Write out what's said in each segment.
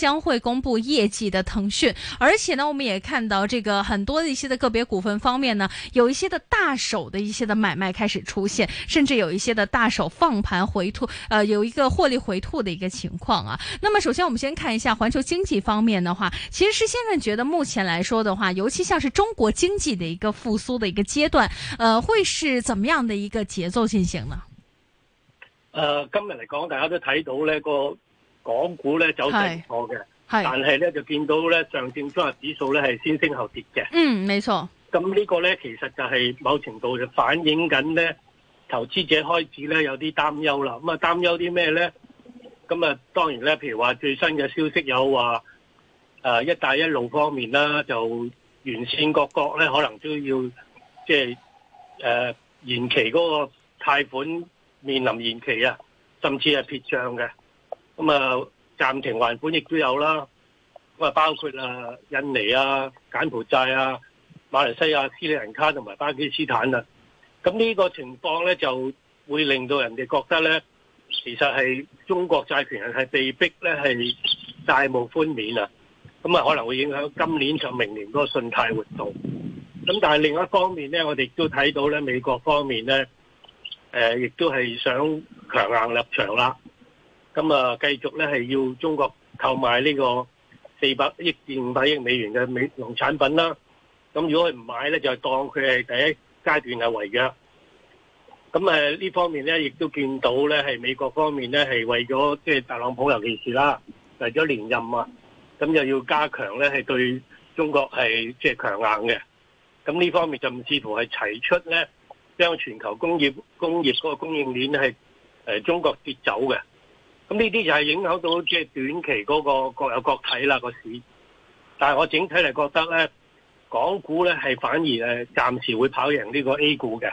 將會公布業績的騰訊，而且呢，我們也看到這個很多的一些的個別股份方面呢，有一些的大手的一些的買賣開始出現，甚至有一些的大手放盤回吐，呃，有一個獲利回吐的一個情況啊。那麼，首先我們先看一下環球經濟方面的話，其實施先生覺得目前來說的話，尤其像是中國經濟的一個復甦的一個階段，呃，會是怎麼樣的一個節奏進行呢？呃，今日來講，大家都睇到呢個。港股咧走勢唔錯嘅，但係咧就見到咧上證綜合指數咧係先升後跌嘅。嗯，沒錯。咁呢個咧其實就係某程度就反映緊咧投資者開始咧有啲擔憂啦。咁啊，擔憂啲咩咧？咁啊，當然咧，譬如話最新嘅消息有話，誒、呃，一帶一路方面啦，就沿線各國咧可能都要即係誒延期嗰個貸款面臨延期啊，甚至係撇賬嘅。咁啊，暫停還款亦都有啦。咁啊，包括啊，印尼啊、柬埔寨啊、馬來西亞、斯里蘭卡同埋巴基斯坦啊。咁呢個情況咧，就會令到人哋覺得咧，其實係中國債權人係被逼咧係債務寬免啊。咁啊，可能會影響今年同明年嗰個信貸活動。咁但係另一方面咧，我哋都睇到咧，美國方面咧，誒，亦都係想強硬立場啦。咁啊，繼續咧係要中國購買呢個四百億至五百億美元嘅美農產品啦。咁如果佢唔買咧，就當佢係第一階段嘅違約。咁誒呢方面咧，亦都見到咧係美國方面咧係為咗即係特朗普尤其是啦，為咗連任啊，咁又要加強咧係對中國係即係強硬嘅。咁呢方面就唔似乎係提出咧將全球工業工業嗰個供應鏈係中國跌走嘅。咁呢啲就係影響到即係短期嗰個各有各睇啦個市，但係我整體嚟覺得咧，港股咧係反而誒暫時會跑贏呢個 A 股嘅。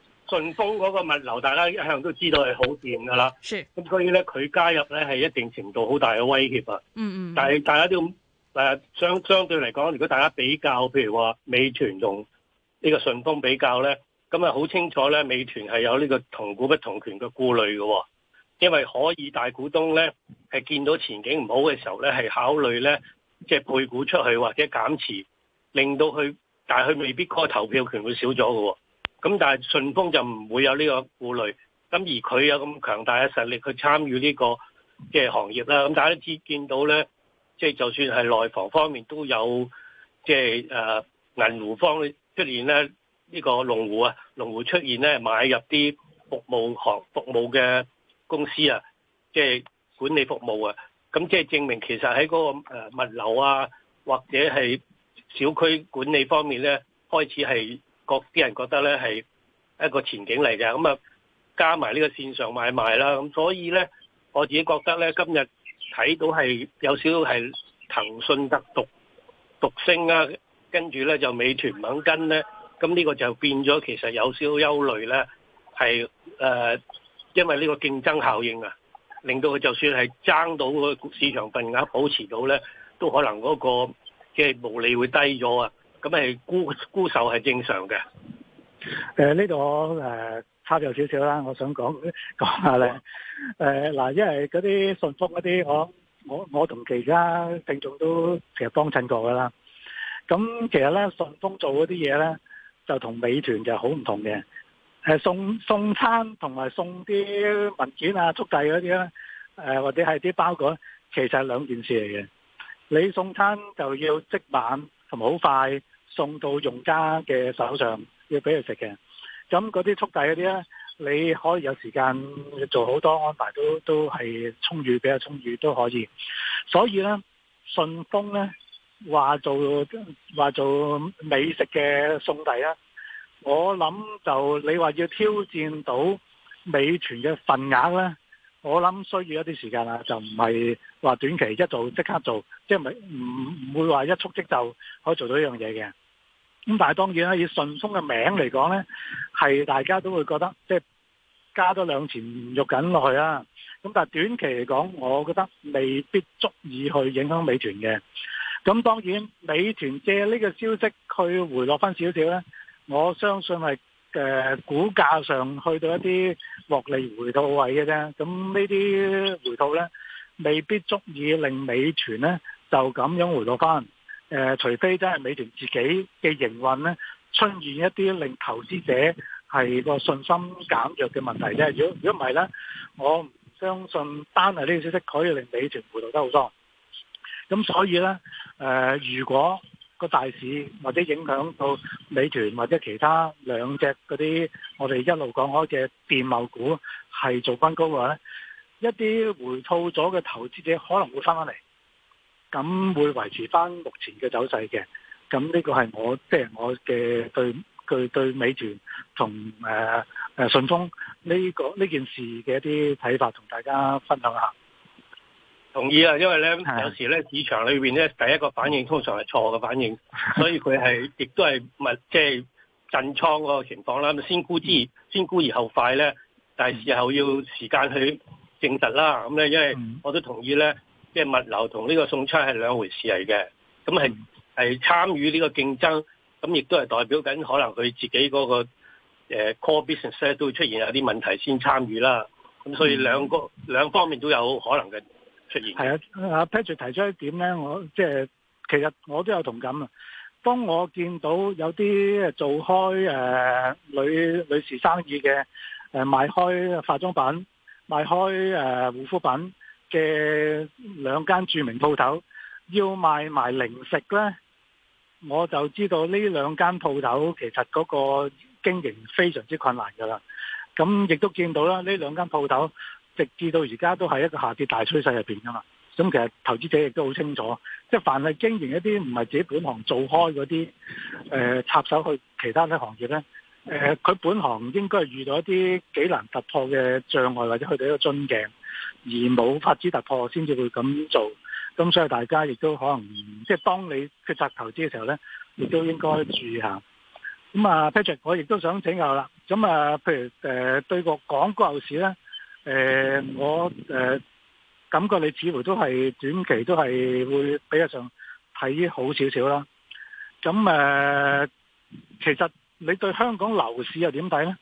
順豐嗰個物流，大家一向都知道係好掂㗎啦。咁所以咧，佢加入咧係一定程度好大嘅威脅啊。嗯嗯。但係大家都誒相相對嚟講，如果大家比較，譬如話美團同呢個順豐比較咧，咁啊好清楚咧，美團係有呢個同股不同權嘅顧慮嘅，因為可以大股東咧係見到前景唔好嘅時候咧，係考慮咧即係配股出去或者減持，令到佢但係佢未必嗰個投票權會少咗嘅。咁但係順豐就唔會有呢個顧慮，咁而佢有咁強大嘅實力去參與呢個嘅行業啦。咁大家都見到咧，即係就算係內房方面都有，即係銀湖方出現咧呢個龍湖啊，龍湖出現咧買入啲服務行、服務嘅公司啊，即係管理服務啊。咁即係證明其實喺嗰個物流啊，或者係小區管理方面咧，開始係。各啲人覺得呢係一個前景嚟嘅，咁啊加埋呢個線上買賣啦，咁所以呢，我自己覺得呢今日睇到係有少少係騰訊得獨獨升啊，跟住呢就美團猛跟呢。咁呢個就變咗其實有少少憂慮呢係誒、呃、因為呢個競爭效應啊，令到佢就算係爭到個市場份額保持到呢，都可能嗰個嘅毛利會低咗啊！咁咪沽沽售係正常嘅。誒呢個誒插咗少少啦，我想講講下咧。誒嗱、呃，因為嗰啲順豐嗰啲，我我我同其他聽眾都其實幫襯過噶啦。咁其實咧，順豐做嗰啲嘢咧，就同美團就好唔同嘅。誒、呃、送送餐同埋送啲文件啊、速遞嗰啲咧，誒、呃、或者係啲包裹，其實係兩件事嚟嘅。你送餐就要即晚同埋好快。送到用家嘅手上，要俾佢食嘅。咁嗰啲速遞嗰啲咧，你可以有時間做好多安排，都都係充裕，比較充裕都可以。所以咧，順豐咧話做話做美食嘅送遞咧，我諗就你話要挑戰到美團嘅份額咧，我諗需要一啲時間啦，就唔係話短期一做即刻做，即係唔唔唔會話一速即就可以做到呢樣嘢嘅。咁但係當然啦，以順豐嘅名嚟講咧，係大家都會覺得即係加多兩錢肉緊落去啊！咁但係短期嚟講，我覺得未必足以去影響美團嘅。咁當然，美團借呢個消息去回落翻少少咧，我相信係誒股價上去到一啲獲利回吐位嘅啫。咁呢啲回吐咧，未必足以令美團咧就咁樣回落翻。誒、呃，除非真係美團自己嘅營運咧出現一啲令投資者係個信心減弱嘅問題啫，如果如果唔係咧，我唔相信單係呢個消息可以令美團回到得好多。咁所以咧，誒、呃，如果個大市或者影響到美團或者其他兩隻嗰啲我哋一路講開嘅電貿股係做翻高嘅話咧，一啲回吐咗嘅投資者可能會翻返嚟。咁會維持翻目前嘅走勢嘅，咁呢個係我即係、就是、我嘅對佢對美團同誒誒順豐呢、這個呢件事嘅一啲睇法，同大家分享下。同意啊，因為咧有時咧市場裏面咧第一個反應通常係錯嘅反應，所以佢係亦都係唔係即係震倉嗰個情況啦？先沽之以先沽而後快咧，但係時候要時間去證實啦。咁咧，因為我都同意咧。即係物流同呢個送餐係兩回事嚟嘅，咁係參與呢個競爭，咁亦都係代表緊可能佢自己嗰、那個、呃、core business 都會出現有啲問題先參與啦，咁所以兩個兩方面都有可能嘅出現。係啊，阿 Patrick 提出一點咧，我即係其實我都有同感啊。當我見到有啲做開、呃、女女士生意嘅賣、呃、開化妝品、賣開、呃、護膚品嘅兩間著名鋪頭要賣埋零食呢，我就知道呢兩間鋪頭其實嗰個經營非常之困難噶啦。咁亦都見到啦，呢兩間鋪頭直至到而家都係一個下跌大趨勢入邊噶嘛。咁其實投資者亦都好清楚，即係凡係經營一啲唔係自己本行做開嗰啲誒插手去其他嘅行業呢，誒、呃、佢本行應該係遇到一啲幾難突破嘅障礙，或者去到一個樽頸。而冇法子突破，先至會咁做。咁所以大家亦都可能，即係當你決策投資嘅時候咧，亦都應該注意下。咁啊，Patrick，我亦都想請教啦。咁啊，譬如誒、呃、對個港股樓市咧，誒、呃、我誒、呃、感覺你似乎都係短期都係會比較上睇好少少啦。咁啊、呃、其實你對香港樓市又點睇咧？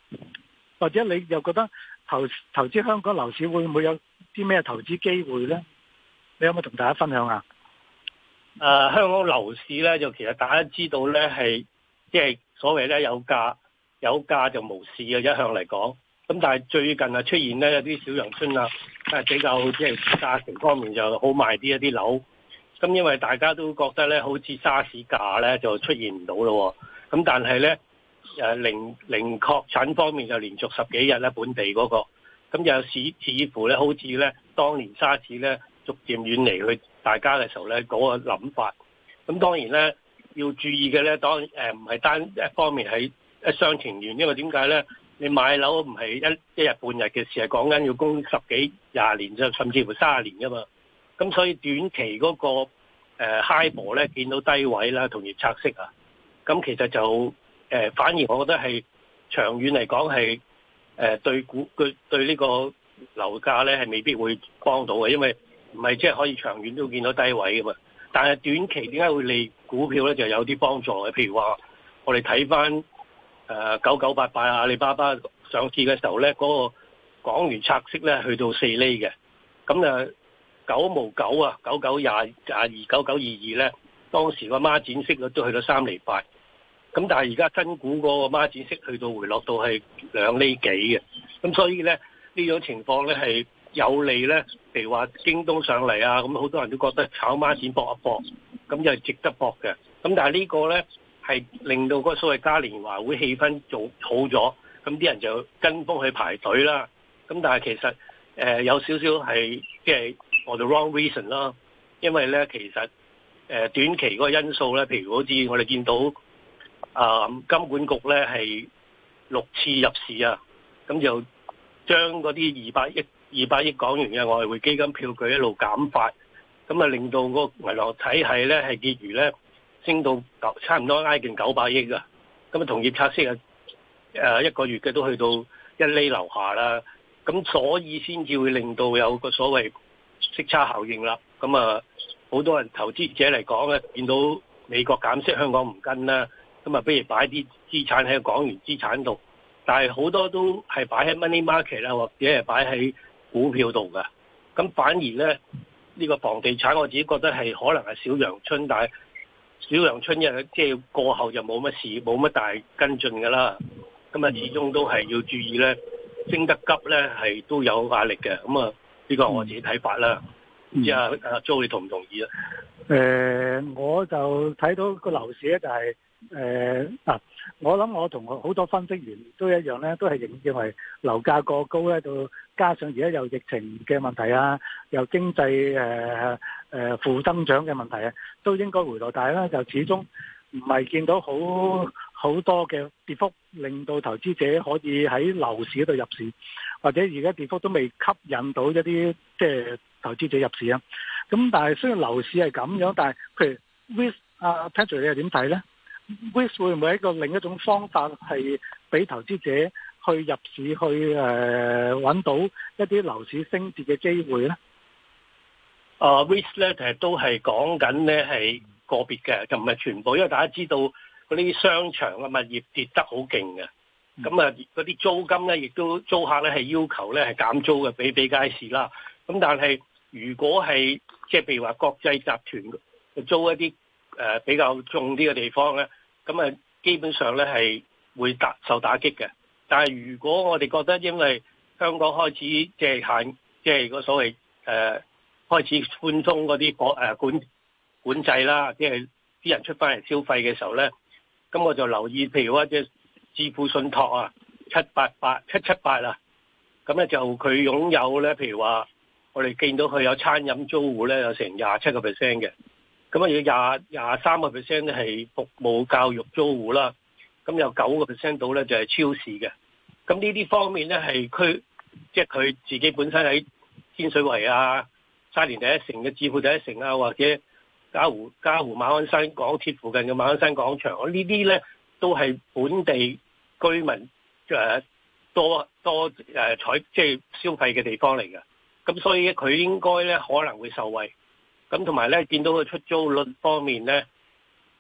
或者你又覺得投投資香港樓市會唔會有？啲咩投資機會呢？你有冇同大家分享啊？誒、呃，香港樓市呢？就其實大家知道呢，係即係所謂呢，有價有價就無市嘅，一向嚟講，咁但係最近啊出現呢，有啲小陽春啊，誒比較即係價錢方面就好賣啲一啲樓。咁因為大家都覺得呢，好似沙士價呢就出現唔到咯，咁但係呢，誒、呃、零零確診方面就連續十幾日呢，本地嗰、那個。咁又似似乎咧，好似咧，當年沙士咧，逐漸遠離去大家嘅時候咧，嗰、那個諗法。咁當然咧要注意嘅咧，當誒唔係單一方面係一廂情願，因為點解咧？你買樓唔係一一日半日嘅事，係講緊要供十幾廿年，甚至乎三十年噶嘛。咁所以短期嗰、那個誒、呃、HIBOR 咧，見到低位啦，同業拆息啊。咁其實就、呃、反而我覺得係長遠嚟講係。誒對股對呢個樓價咧係未必會幫到嘅，因為唔係即係可以長遠都見到低位嘅嘛。但係短期點解會利股票咧就有啲幫助嘅？譬如話我哋睇翻誒九九八八啊，阿里巴巴上市嘅時候咧，嗰、那個港元拆息咧去到四厘嘅，咁啊九毛九啊，九九廿廿二，九九二二咧，當時個孖展息都去到三厘八。咁但係而家新股嗰個孖展息去到回落到係兩厘幾嘅，咁所以咧呢種情況咧係有利咧，譬如話京東上嚟啊，咁好多人都覺得炒孖展搏一搏，咁又係值得搏嘅。咁但係呢個咧係令到嗰個所謂嘉年華會氣氛做好咗，咁啲人就跟風去排隊啦。咁但係其實有少少係即係我哋 wrong reason 啦，因為咧其實短期嗰個因素咧，譬如好似我哋見到。啊！金管局咧係六次入市啊，咁就將嗰啲二百億、二百億港元嘅外匯基金票據一路減發，咁啊令到個銀行體系咧係結餘咧升到九，差唔多挨近九百億啊！咁啊，同業拆息啊，誒一個月嘅都去到一厘樓下啦。咁所以先至會令到有個所謂息差效應啦。咁啊，好多人投資者嚟講咧，見到美國減息，香港唔跟啦。咁啊，不如擺啲資產喺港元資產度，但係好多都係擺喺 money market 啦，或者係擺喺股票度嘅。咁反而咧，呢個房地產我自己覺得係可能係小陽春，但係小陽春嘅即係過後就冇乜事，冇乜大跟進㗎啦。咁啊，始終都係要注意咧，升得急咧係都有壓力嘅。咁啊，呢個我自己睇法啦，唔知阿阿 Jo 你同唔同意啊？誒我就睇到個樓市咧，就係誒啊！我諗我同好多分析員都一樣咧，都係認認為樓價過高咧，到加上而家又疫情嘅問題啊，又經濟誒誒負增長嘅問題啊，都應該回落。但係咧，就始終唔係見到好好多嘅跌幅，令到投資者可以喺樓市度入市，或者而家跌幅都未吸引到一啲即係投資者入市啊！咁但係雖然樓市係咁樣，但係譬如 Wish、啊、Patrick 你又點睇咧？Wish 會唔會一個另一種方法係俾投資者去入市去誒揾、呃、到一啲樓市升跌嘅機會咧？啊，Wish 其實都係講緊咧係個別嘅，就唔係全部。因為大家知道嗰啲商場嘅物業跌得好勁嘅，咁啊嗰啲租金咧亦都租客咧係要求咧係減租嘅比比皆是啦。咁但係如果係即係譬如話國際集團租一啲誒比較重啲嘅地方咧，咁啊基本上咧係會打受打擊嘅。但係如果我哋覺得因為香港開始即係限，即係個所謂誒開始寬鬆嗰啲國管管制啦，即係啲人出翻嚟消費嘅時候咧，咁我就留意譬如話即係致富信託啊，七八八七七八啦，咁咧就佢擁有咧，譬如話。我哋見到佢有餐飲租戶咧，有成廿七個 percent 嘅，咁啊如果廿廿三個 percent 咧係服務教育租戶啦，咁有九個 percent 到咧就係超市嘅，咁呢啲方面咧係佢即係佢自己本身喺天水圍啊、沙田第一城嘅置富第一城啊，或者嘉湖嘉湖馬鞍山港鐵附近嘅馬鞍山廣場，呢啲咧都係本地居民誒多多誒、啊、採即係消費嘅地方嚟嘅。咁所以佢應該咧可能會受惠，咁同埋咧見到佢出租率方面咧、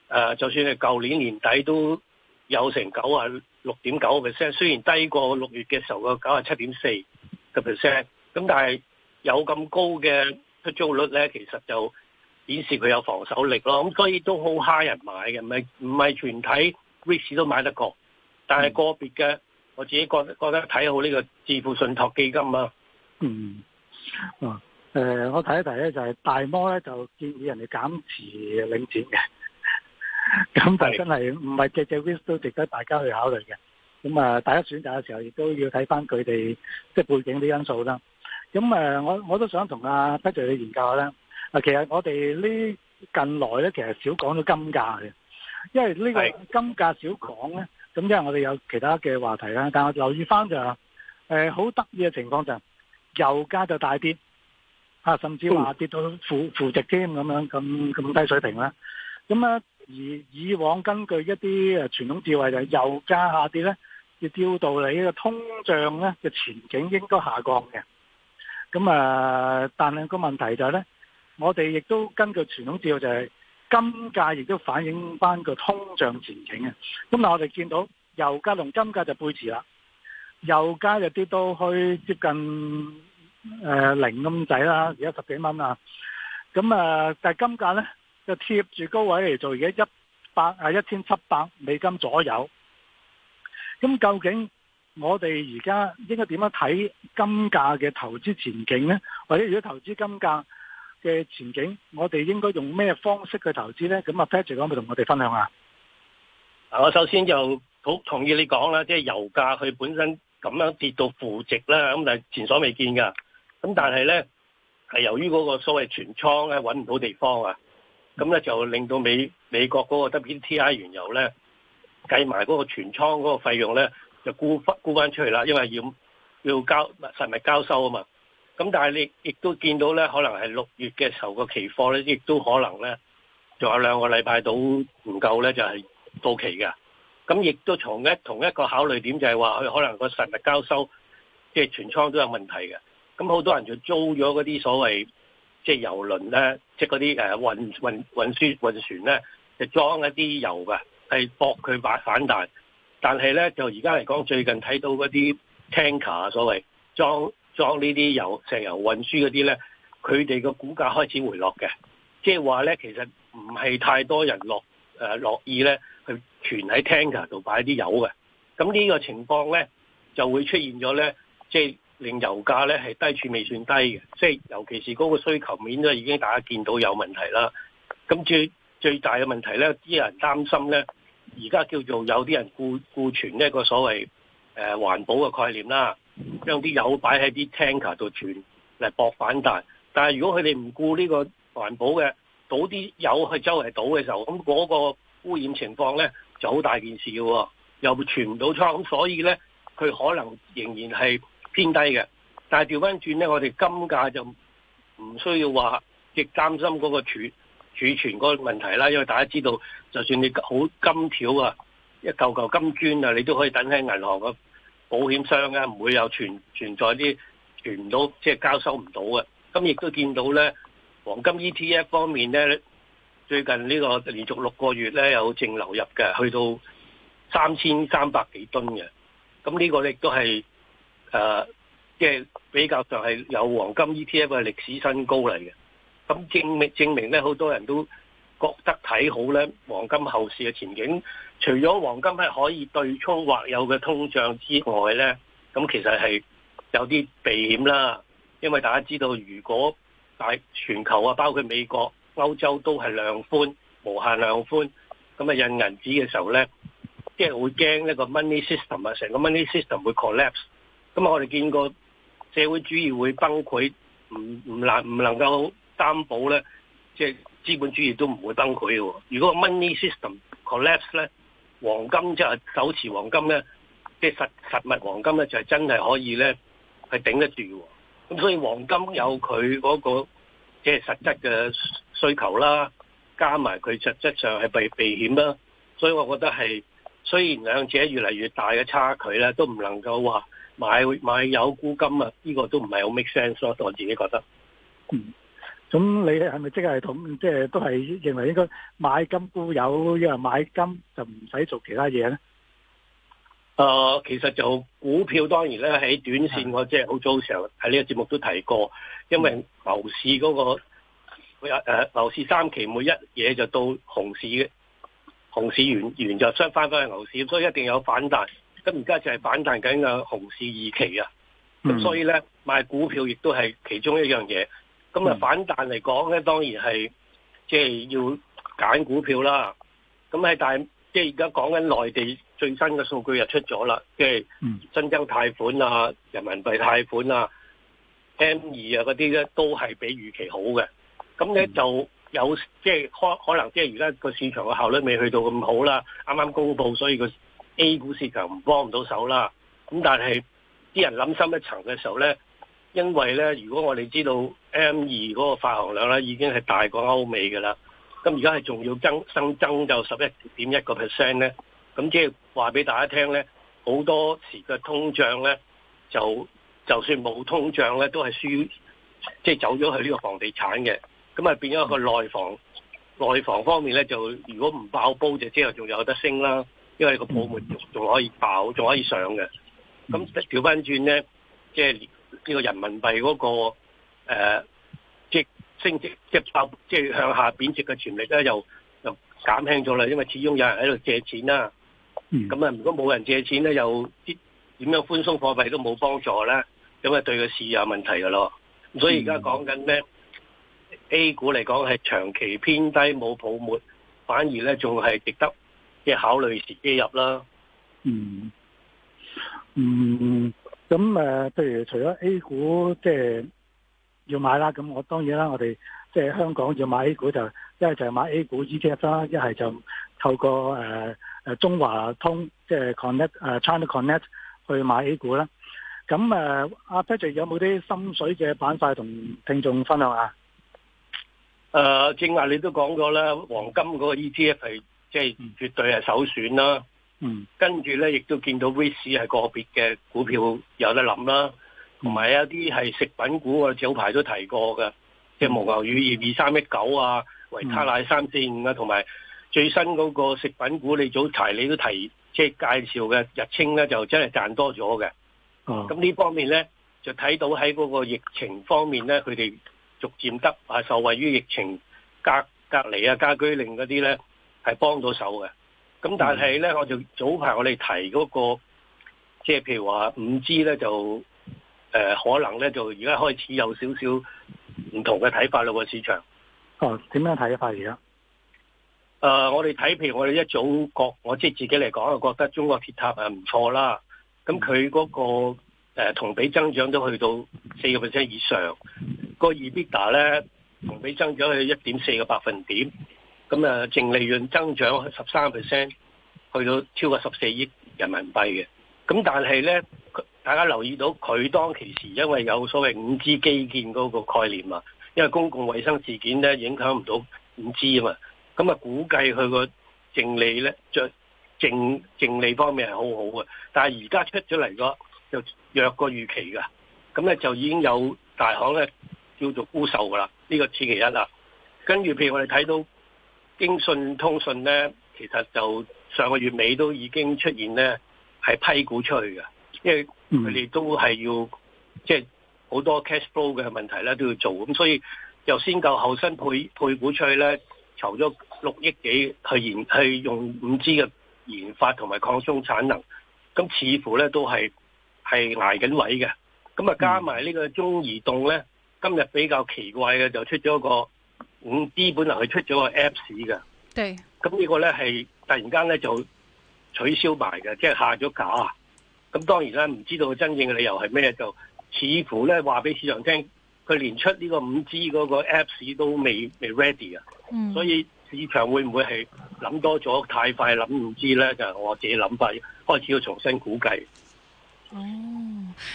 呃，就算係舊年年底都有成九啊六點九個 percent，雖然低過六月嘅時候個九啊七點四個 percent，咁但係有咁高嘅出租率咧，其實就顯示佢有防守力咯，咁所以都好蝦人買嘅，唔係唔係全體 risk 都買得過，但係個別嘅我自己覺覺得睇好呢個致富信託基金啊，嗯。哦，誒，我睇一睇咧，就係大摩咧就建議人哋減持領展嘅，咁但係真係唔係只隻 risk 都值得大家去考慮嘅，咁啊，大家選擇嘅時候亦都要睇翻佢哋即係背景啲因素啦。咁啊，我我都想同阿 Betty 你研究下啦。啊，其實我哋呢近來咧其實少講到金價嘅，因為呢個金價少講咧，咁因為我哋有其他嘅話題啦。但係我留意翻就係誒，好得意嘅情況就係。油價就大跌，啊，甚至話跌到負負值添咁樣，咁咁低水平啦。咁啊，而以往根據一啲誒傳統智慧就係油價下跌咧，要調到你嘅通脹咧嘅前景應該下降嘅。咁啊、呃，但係個問題就係咧，我哋亦都根據傳統智慧就係金價亦都反映翻個通脹前景嘅。咁我哋見到油價同金價就背馳啦，油價就跌到去接近。誒零咁滯啦，而家十幾蚊啦，咁啊、呃，但係金價咧就貼住高位嚟做，而家一百啊，一千七百美金左右。咁究竟我哋而家應該點樣睇金價嘅投資前景咧？或者如果投資金價嘅前景，我哋應該用咩方式去投資咧？咁啊 Patrick 講同我哋分享下。我首先就好同意你講啦，即係油價佢本身咁樣跌到負值啦，咁但係前所未見噶。咁但係咧，係由於嗰個所謂存倉咧揾唔到地方啊，咁咧就令到美美國嗰個 WTI 原油咧計埋嗰個存倉嗰個費用咧，就沽沽翻出嚟啦，因為要要交實物交收啊嘛。咁但係你亦都見到咧，可能係六月嘅時候個期貨咧，亦都可能咧，仲有兩個禮拜到唔夠咧，就係、是、到期嘅。咁亦都同一同一個考慮點就係話，佢可能個實物交收即係、就是、存倉都有問題嘅。咁好多人就租咗嗰啲所謂即係遊輪咧，即係嗰啲誒運運運輸運船咧，就裝、是啊、一啲油嘅，係駁佢買反彈。但係咧，就而家嚟講，最近睇到嗰啲 tanker 所謂裝裝呢啲油石油運輸嗰啲咧，佢哋個股價開始回落嘅，即係話咧，其實唔係太多人樂、誒樂意咧去存喺 tanker 度擺啲油嘅。咁呢個情況咧就會出現咗咧，即係。令油價咧係低處未算低嘅，即係尤其是嗰個需求面都已經大家見到有問題啦。咁最最大嘅問題咧，啲人擔心咧，而家叫做有啲人顧顧存呢一個所謂誒、呃、環保嘅概念啦，將啲油擺喺啲 tanker 度存嚟博反彈。但係如果佢哋唔顧呢個環保嘅，倒啲油去周圍倒嘅時候，咁嗰個污染情況咧就好大件事嘅，又傳唔到倉，咁所以咧佢可能仍然係。偏低嘅，但係調返轉咧，我哋金價就唔需要話極擔心嗰個儲儲存個問題啦，因為大家知道，就算你好金條啊，一嚿嚿金磚啊，你都可以等喺銀行個保險箱啊，唔會有存存在啲存唔到，即係交收唔到嘅。咁亦都見到咧，黃金 ETF 方面咧，最近呢個連續六個月咧有淨流入嘅，去到三千三百幾噸嘅。咁呢個亦都係。誒、啊，即係比較上係有黃金 ETF 嘅歷史新高嚟嘅，咁證明證明咧，好多人都覺得睇好咧黃金後市嘅前景。除咗黃金係可以對沖或有嘅通脹之外咧，咁其實係有啲避險啦。因為大家知道，如果大全球啊，包括美國、歐洲都係量寬無限量寬咁啊，那印銀紙嘅時候咧，即、就、係、是、會驚呢個 money system 啊，成個 money system 會 collapse。咁我哋見過社會主義會崩潰，唔唔能唔能夠擔保咧，即係資本主義都唔會崩潰嘅。如果 money system collapse 咧，黃金即係手持黃金咧，即係實實物黃金咧，就係真係可以咧係頂得住嘅。咁所以黃金有佢嗰個即係實質嘅需求啦，加埋佢實質上係避避險啦，所以我覺得係雖然兩者越嚟越大嘅差距咧，都唔能夠話。買買有沽金啊！呢、這個都唔係好 make sense 咯，我自己覺得。嗯，咁你係咪即係同即係、就是、都係認為應該買金沽油，因為買金就唔使做其他嘢咧？誒、呃，其實就股票當然咧喺短線，我即係好早嘅時候喺呢個節目都提過，因為牛市嗰、那個誒、呃呃，牛市三期每一嘢就到熊市嘅，熊市完完就縮翻翻去牛市，所以一定有反彈。而家就係反彈緊嘅熊市二期啊，咁、嗯、所以咧賣股票亦都係其中一樣嘢。咁啊反彈嚟講咧，當然係即係要揀股票啦。咁喺大即係而家講緊內地最新嘅數據又出咗啦，即係新增貸款啊、人民幣貸款啊、M 二啊嗰啲咧都係比預期好嘅。咁咧就有即係可可能即係而家個市場嘅效率未去到咁好啦。啱啱公佈，所以佢 A 股市場唔幫唔到手啦，咁但係啲人諗深一層嘅時候咧，因為咧，如果我哋知道 M 二嗰個發行量咧已經係大過歐美嘅啦，咁而家係仲要增新增11.1%就十一點一個 percent 咧，咁即係話俾大家聽咧，好多時嘅通脹咧就就算冇通脹咧都係輸，即係走咗去呢個房地產嘅，咁啊變咗個內房內房方面咧就如果唔爆煲就之後仲有得升啦。因為個泡沫仲可以爆，仲可以上嘅。咁調翻轉咧，即係呢個人民幣嗰、嗰個、呃、即升值，即係爆，即係向下貶值嘅潛力咧，又又減輕咗啦。因為始終有人喺度借錢啦。咁啊，嗯、那如果冇人借錢咧，又啲點樣寬鬆貨幣都冇幫助咧。咁啊，對個市有問題㗎咯。所以而家講緊咧，A 股嚟講係長期偏低冇泡沫，反而咧仲係值得。即考慮自己入啦、嗯，嗯嗯，咁誒，譬如除咗 A 股，即、就、係、是、要買啦，咁我當然啦，我哋即係香港要買 A 股就，是就一係就買 A 股 ETF 啦，一係就透過誒誒、呃、中華通即係、就是、Connect 誒、啊、China Connect 去買 A 股啦。咁誒，阿、啊、Patrick 有冇啲心水嘅板塊同聽眾分享啊？誒、呃，正話你都講過啦，黃金嗰個 ETF 係。即係絕對係首選、啊嗯、是啦，嗯，跟住咧亦都見到尾市係個別嘅股票有得諗啦，同埋有啲係食品股，我早排都提過嘅、嗯，即係蒙牛乳業二三一九啊，維他奶三四五啊，同、嗯、埋最新嗰個食品股，你早排你都提即係、就是、介紹嘅日清咧，就真係賺多咗嘅，咁、嗯、呢方面咧就睇到喺嗰個疫情方面咧，佢哋逐漸得啊受惠於疫情隔隔離啊、家居令嗰啲咧。係幫到手嘅，咁但係咧、嗯，我就早排我哋提嗰、那個，即、就、係、是、譬如話五 G 咧就，誒、呃、可能咧就而家開始有少少唔同嘅睇法啦，個市場。哦，點樣睇一塊而家啊？誒、呃，我哋睇，譬如我哋一早覺，我即係自己嚟講啊，我覺得中國鐵塔唔錯啦。咁佢嗰個誒、呃、同比增長都去到四個 percent 以上，個 EBITDA 咧同比增長去一點四個百分點。咁啊，淨利潤增長十三個 percent，去到超過十四億人民幣嘅。咁但係咧，大家留意到佢當其時，因為有所謂五 G 基建嗰個概念啊，因為公共衞生事件咧影響唔到五 G 啊嘛。咁啊，估計佢個淨利咧，著淨，淨利方面係好好嘅。但係而家出咗嚟咗，就弱過預期㗎。咁咧就已經有大行咧叫做沽售㗎啦。呢、呢個此其一啦，跟住譬如我哋睇到。京信通信咧，其實就上個月尾都已經出現咧係批股出去嘅，因為佢哋都係要即係好多 cash flow 嘅問題咧都要做，咁所以就先舊後新配配股出去咧，籌咗六億幾去研去用五 G 嘅研發同埋擴充產能，咁似乎咧都係係捱緊位嘅，咁啊加埋呢個中移動咧，今日比較奇怪嘅就出咗個。五 G 本來佢出咗個 Apps 嘅，對，咁呢個咧係突然間咧就取消埋嘅，即係下咗架啊。咁當然啦，唔知道佢真正嘅理由係咩，就似乎咧話俾市場聽，佢連出呢個五 G 嗰個 Apps 都未未 ready 啊、嗯。所以市場會唔會係諗多咗太快諗五 G 咧？就係我自己諗法開始要重新估計。哦，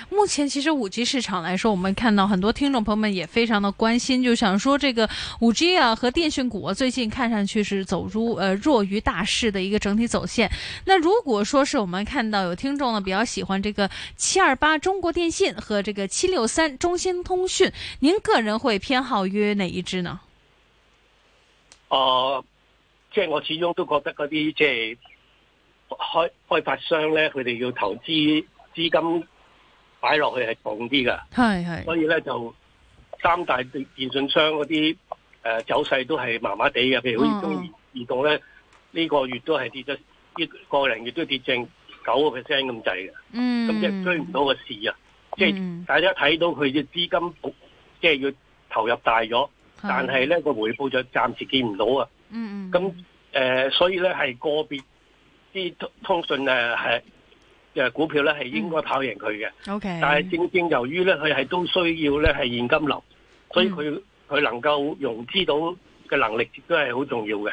目前其實五 G 市場來說，我們看到很多聽眾朋友們也非常的關心，就想說這個五 G 啊和電訊股啊，最近看上去是走入呃弱於大勢的一個整體走線。那如果說是我們看到有聽眾呢比較喜歡這個七二八中國電信和這個七六三中興通訊，您個人會偏好於哪一支呢？呃，即係我始終都覺得嗰啲即係開開發商咧，佢哋要投資。資金擺落去係重啲噶，係係，所以咧就三大電信商嗰啲誒走勢都係麻麻地嘅，譬如好似中移移動咧，哦、呢、這個月都係跌咗一個零月都跌正九個 percent 咁滯嘅，嗯，咁即係追唔到個市啊，即、嗯、係大家睇到佢嘅資金即係、就是、要投入大咗，是但係咧個回報就暫時見唔到啊，嗯咁、嗯、誒、呃、所以咧係個別啲通通訊誒係。是嘅股票咧係應該跑贏佢嘅，嗯 okay，但係正正由於咧佢係都需要咧係現金流，所以佢佢能夠融資到嘅能力亦都係好重要嘅。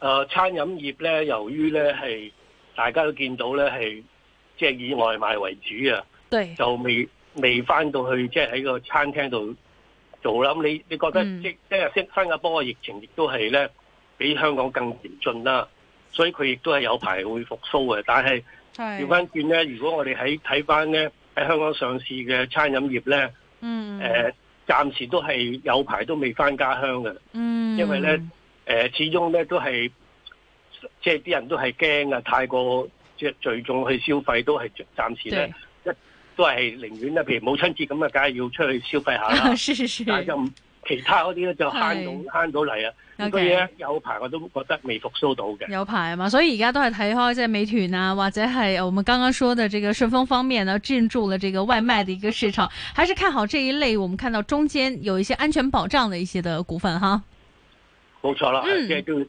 誒、呃、餐飲業咧，由於咧係大家都見到咧係即係以外賣為主啊，對、就未未翻到去即係喺個餐廳度做啦。咁你你覺得即、嗯、即係新加坡嘅疫情亦都係咧比香港更嚴峻啦，所以佢亦都係有排會復甦嘅。但係調翻轉咧，如果我哋喺睇翻咧喺香港上市嘅餐飲業咧，誒、嗯呃、暫時都係有排都未翻家鄉嘅、嗯，因為咧。誒、呃，始終咧都係，即係啲人都係驚啊太過即係聚眾去消費，都係暫時咧一都係寧願咧，譬如母親節咁啊，梗係要出去消費下啦、啊。是是是。但係就其他嗰啲咧就慳到慳到嚟，啊，嗰啲咧有排我都覺得未復甦到嘅。有排吖嘛，所以而家都係睇開即係美團啊，或者係我們剛剛說的這個順豐方面呢進駐了這個外賣的一個市場，還是看好這一類。我們看到中間有一些安全保障的一些的股份哈、啊。冇錯啦，即係、嗯、都，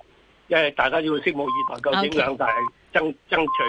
因為大家要拭目以待，究竟兩大爭取、Okay. 爭取。